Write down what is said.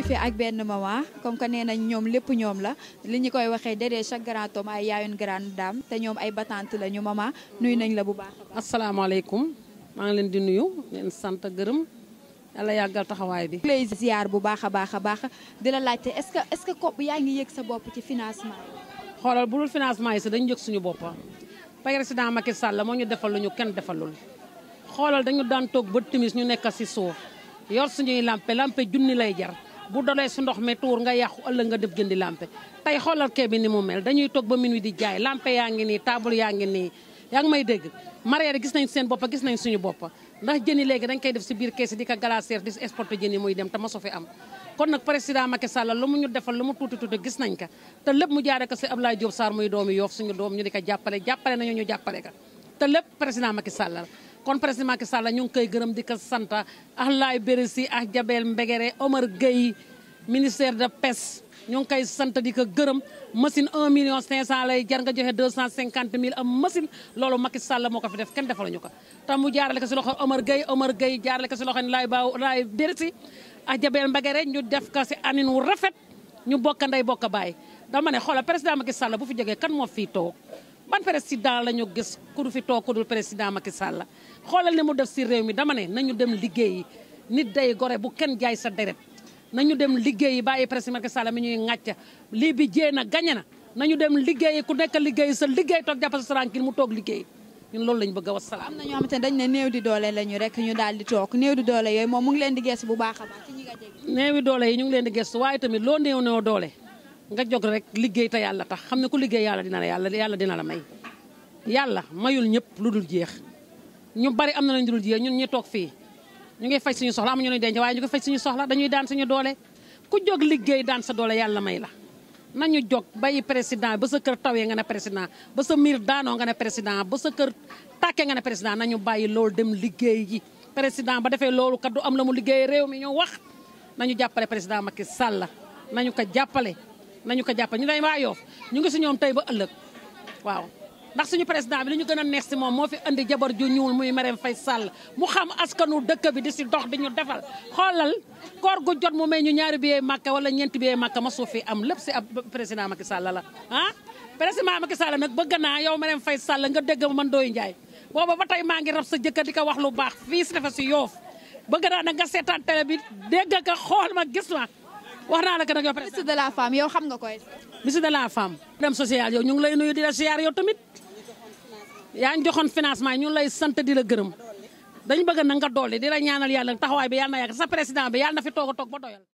fi ak benn maman comme que nee nañ ñoom lépp ñoom la li ñu koy waxee déedéet chaque grand homme ay yaayun dame te ñoom ay batante la ñu maman nuyu nañ la bu baax asalaamaaleykum maa ngi leen di nuyu leen sant gërëm yàlla yàggal taxawaay bi si ziar bu baax a baax a baax di la laajte est-ce que est-ce que ko yaa ngi yëg sa bopp ci financement xoolal bu dul financement yi sax dañu yëg suñu bopp président Macky Sall moo ñu defal lu ñu kenn defalul xolal dañu daan tok ba timis ñu nekk ci suuf yor suñuy lampe lampe jooni lay jar bu dolee su ndox me tour nga yaxu ëllëg nga def jëndi lampe tay xolal ke bi ni mu mel dañuy tok ba minuit di jaay lampe yaangi ni table yaangi ni yaang may dégg mariere gis nañ seen bop gis nañ suñu bop ndax jëni legi dañ koy def ci biir caisse di ko glacière di exporter jëni muy dem ta ma sofi am kon nak president Macky Sall lu mu ñu defal lu mu tuti tuti gis nañ ka te lepp mu jaare ko ci Abdoulaye Diop Sarr muy doomi Yoof suñu doom ñu di ko jappalé jappalé nañu ñu jappalé ka te lepp president Macky Sall kon président Macky Sall ñu ngi koy gërëm di ko sant Abdoulaye Bérési ak Jabel Mbegere Omar Gueye ministère de pêche ñu ngi koy sant di ko gërëm machine un million 500 lay jar nga joxe 250 mille a machine loolu Macky Sall moo ko fi def kenn ñu ko. te mu jaarale ko si loxo Omar Gueye Omar Gueye jaarale ko si loxo Laay Baaw Laay Bérési ak Jabel Mbegere ñu def ko si anin wu rafet ñu bokk ndey bokk baay dama ne xoolal président Macky Sall bu fi jógee kan moo fi toog. ban président la ñu gis ku fi toog ku dul président Macky Sall xoolal ne mu def si réew mi dama ne nañu dem liggéeyi nit day gore bu kenn jaay sa deret nañu dem liggéeyi bàyyi président Macky Sall mi ñuy ŋàcc lii bi jée na gañe na nañu dem liggéeyi ku nekk liggéeyi sa liggéey toog jàpp sa tranquille mu toog liggéeyi ñun loolu lañ bëgg a wasalaam. am na ñoo xamante ne dañ ne néew di doole lañu rek ñu daal di toog néew di doole yooyu moom mu ngi leen di gestu bu baax a baax yi ñu ngi leen di gestu waaye tamit loo néew néew doole nga jog rek liggey ta, yalla tax xamne ku liggey yalla dina la yalla yalla dina la may yalla mayul ñepp luddul jeex ñu bari amna lañu lañ dul jeex ñun ñi tok fi ñu ngi fay suñu soxla amuñu ñu denj waaye ñu ngi fay suñu soxla dañuy daan suñu doole ku jog liggey daan sa doole yalla may la nañu jog bayyi president ba sa kër tawé nga na président ba sa mir daano nga na président ba sa kër také nga na président nañu bayyi lool dem liggey yi président ba défé loolu kat du am la mu liggey réew mi ñu wax nañu jappalé président Macky Sall nañu ko jappalé nañu ko japp ñu lay waa Yoff ñu ngi si ñom tay ba ëlëk waaw ndax suñu président bi li ñu gëna neex ci mom mo fi andi jabar ju ñuul muy Marème fay Sall mu xam askanu dëkk bi di si dox di ñu defal xolal koor gu jot mu may ñu ñaari biye makka wala ñent biye makka ma am lepp si président Macky Sall la ah président Macky Sall nak bëgg na yow Marème fay Sall nga dégg man Dooy Njaay booba ba tay ma ngi rab sa jëkkër di ko wax lu baax fi ci defa ci bëgg na nga sétan télé bi dégg ka xol ma gis ma wax naa la que nag yow. ministre de la femme yow xam nga koy. ministre de la femme. dem social yow ñu ngi lay nuyu di la siyaar yow tamit yaa ngi joxoon financement ñu lay sant di la gërëm dañu bëgg na nga dolli di la ñaanal yàlla taxawaay bi yàlla na yàgg sa président bi yàlla na fi toog a toog ba doyal.